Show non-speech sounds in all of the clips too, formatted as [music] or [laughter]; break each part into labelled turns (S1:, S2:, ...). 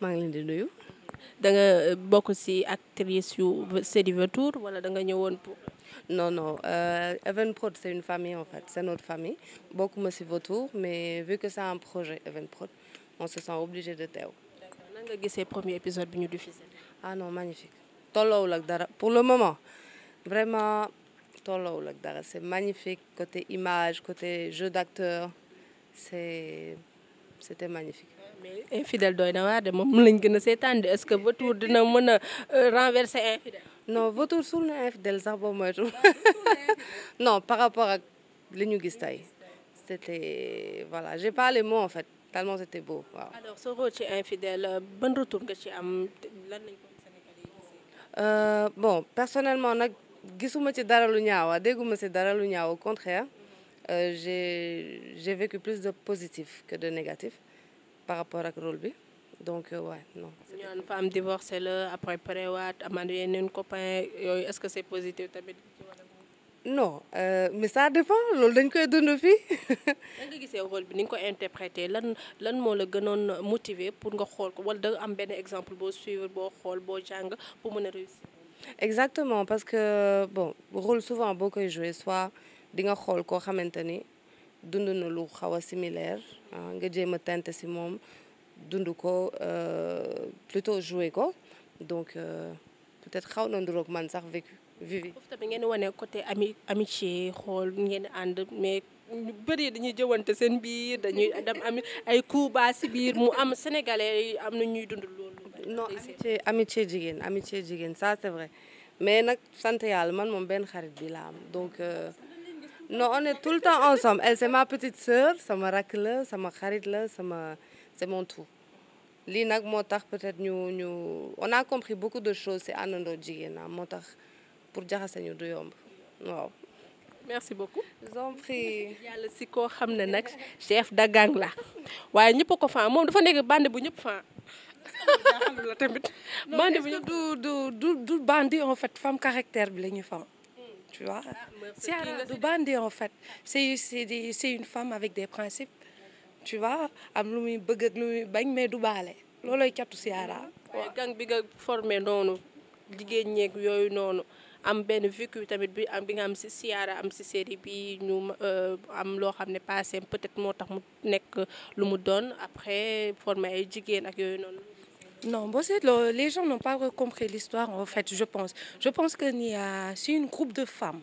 S1: maa ngi leen di nuyu. da nga euh, bokk ci actrice yu série Vautour wala da nga ñëwoon pour.
S2: non non euh, Even Prod c'est une famille en fait c'est notre famille bokkuma ci Vautour mais vu que c'est un projet Even Prod on se sent obliger de teew. d'accord nan nga gisee premier épisode bi ñu diffusé. ah non magnifique tolloowul ak dara pour le moment vraiment tolloowul ak dara c'est magnifique côté image côté jeu d'acteur
S1: c'est c'était magnifique. infidèle doy na waar de moom lañ gën a seetaan de est-ce que Vautour dina mën a euh, renverser infidèle non Vautour suul na infidèle sax boobu moytu
S2: non par rapport ak li ñu gis tey c'était voilà j'ai pas les en fait tellement c'était beau euh, nga ci am
S1: lan lañ ko Sénégalais
S2: euh, personnellement nag gisuma ci dara lu ñaawa dégguma ci dara lu ñaaw a contraire j'ai vécu plus de positif que de négatif. par rapport ak rôle bi donc waaw euh, ouais,
S1: non. ñooñu femme divorcée la après parewaat amaat yeneen copain yooyu est-ce que c'est positif tamit.
S2: non euh, mais ça dépend loolu dañ koy dund fii.
S1: [laughs] nan nga gisee rôle bi ni nga ko interprété lan lan moo la gënoon motiver pour nga xool ko wala da am benn exemple boo suivre boo xool boo jàng pour mën a réussir.
S2: exactement parce que bon rôle souvent boo koy jouer soit di nga xool koo xamante ni dund na lu xaw a similaire. Euh, nga jéem a tenter si moom dund ko euh, plutôt
S1: jouer ko donc euh, peut-être xaw na nduroog man sax vécu vivi foofu tamit ngeen wane côté ami amitié xool ngeen ànd mais ñu bëri dañuy jëwante seen biir dañuy dam am ay coups bas si biir mu am sénégalais yi am na ñuy dund loolu. no
S2: amitier jigéen amitié jigéen ça c'est vrai mais nag sant yàlla man moom benn xarit bi laa am donc. non on tout le temps ensemble elle c'est ma petite sœur sama rakk la sama xarit la sama c'est mon tout lii nag moo tax peut-être ñu ñu on a compris beaucoup de choses si àndandoo jigéen naa moo tax pour jaxase ñu du yomb waaw.
S1: merci beaucoup. yàlla si koo xam ne nag chef de la waaye ñëpp ko fan moom dafa nekk bande bu ñëpp fan. tamit. bande bu ñëpp du du du du bandi en fait femme caractère bi la ñuy fan. tu vois. Ciara ah, du
S3: bandit en fait c'est une femme avec des principes tu vois am lu muy bëgg ak lu muy bañ mais du baale loolooy catu Ciara.
S1: waaw gang bi nga formé noonu jigéen ñeeg yooyu noonu am benn vécu tamit bi am bi nga am si Ciara am si série bi ñu euh, am loo xam ne passé peut-être moo tax mu nekk lu mu doon après formé ay jigéen ak yooyu noonu. non boo
S3: seetloo les gens n'ont pas compris l'histoire en fait je
S1: pense je pense que ni euh, c'est une groupe de femmes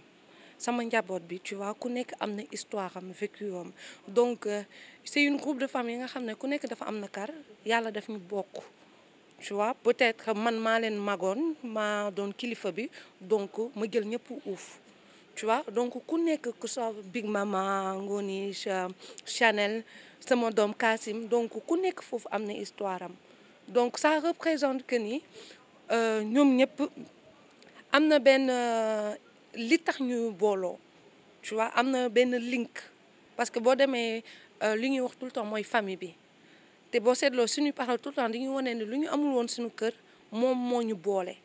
S3: sama njaboot bi tu vois ku nekk am na histoire am vécu am donc euh, c'est une groupe de femmes yi nga xam ne ku nekk dafa am na kar yàlla daf ñu bokk tu peut-être man maa leen magoon maa doon kilifa bi donc ma jël ñëpp uuf tu donc ku nekk que soit Big Mama Ngoni Chanel sama doom Kassim donc ku nekk foofu am na histoire am donc ça représente que ni euh, ñoom ñëpp am na benn euh, li tax ñu booloo tu am na benn link parce que boo demee euh, li ñuy wax tout le temps mooy famille bi te boo seetloo suñu parole tout le temps dañuy wane ne lu ñu amul woon suñu kër moom moo ñu boole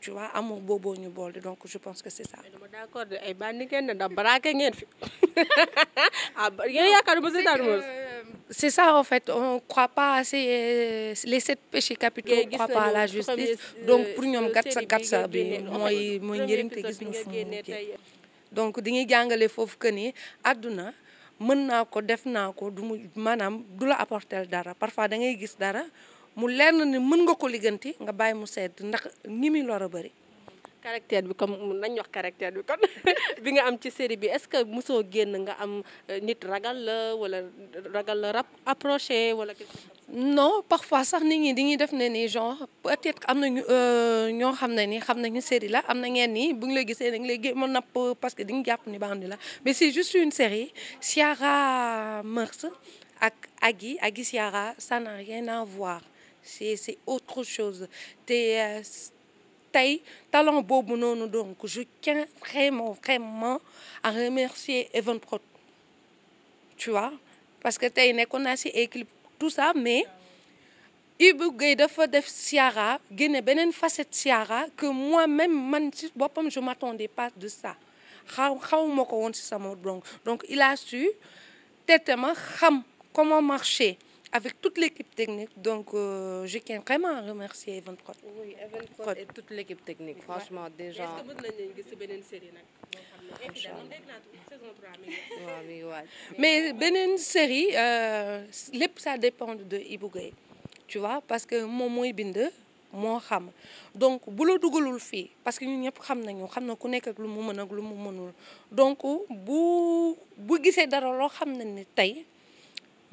S3: tu vois booboo ñu boole donc je pense que c'est ça. dama
S1: d'accord ay bandi ngeen ne ndax baraake ngeen fi [laughs] ah yéen
S3: c'est ça en fait on croit pas assez euh, les sept péchés capitaux on croit pas la justice euh, donc pour ñoom euh, gatsa gatsa bi mooy mooy njëriñ te gis ñu fu mu donc di ñuy jàngale foofu que ni àdduna mën naa ko def naa ko du mu maanaam du la apporter dara parfois da ngay gis dara mu leer na ni mën nga ko ligganti
S1: nga bàyyi mu sedd ndax ñi muy lor a bëri caractère bi comme nañ wax caractère bi kon [laughs] bi nga am ci série bi est-ce que musoo génn nga am euh, nit ragal la wala ragal la rap approché wala. non parfois sax nit ñi dañuy def ne ni genre
S3: peut-être am na ñu euh, ñoo xam ne ni xam nañu série la am na ngeen ni bu ñu la gisee dañu lay gëm a napp parce que dañu jàpp ni bandi la mais c'est juste une série Ciara Meurs ak Agui Agui Ciara ça n'a rien à voir c'est autre chose te. Euh, tey talent boobu noonu donc je tiens vraiment vraiment à remercier Evenprod tu vois parce que tey nekkoon naa si équipe tout ça mais Ibou Gueye dafa def siara génne beneen facette Ciara que moi-même man si boppam je m'attendais pas de ça xaw xawuma ko woon si sama donc donc il a su tete ma comment marcher avec toute l'équipe technique. Donc, euh, je tiens vraiment à remercier Evan Prod.
S1: et
S2: toute l'équipe technique. Franchement, déjà. est
S1: beneen série nag. [laughs]
S3: mais beneen série euh, lépp ça dépend de Ibou Gueye tu vois parce que moom mooy bind moo xam donc bu la dugalul fii parce que ñun ñëpp xam nañu xam na ku nekk ak lu mu mën ak lu mu mënul donc bu gisee dara loo xam na ni tey.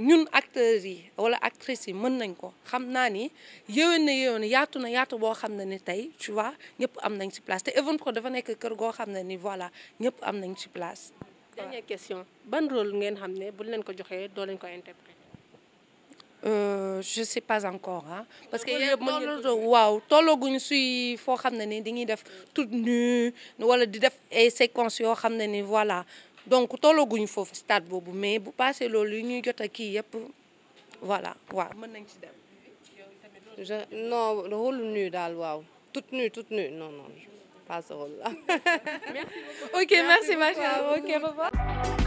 S3: ñun acteurs yi wala actrices yi mën nañ ko xam naa ni yéwén na yéwén yaatu na yaatu boo xam ne ni tey tu vois ñëpp am nañ si place te Evenprod dafa nekk kër goo xam ne ni voilà ñëpp am nañ si place.
S1: dernière question ban rôle ngeen xam ne bu leen ko joxee doo leen ko interpréter.
S3: Euh, je sais pas encore parce que yëpp mën waaw tollooguñu suy foo xam ne ni dañuy def tout nu wala di def ay séquences yoo xam ne ni voilà. donc tollaguñu foofu stade boobu mais bu passé loolu yu ñuy jot a kii yëpp voilà mën nañ ci dem. je non
S2: rôle nu daal waaw tout nue toute nue non non pas ce rôle là. merci
S3: beaucoup ok merci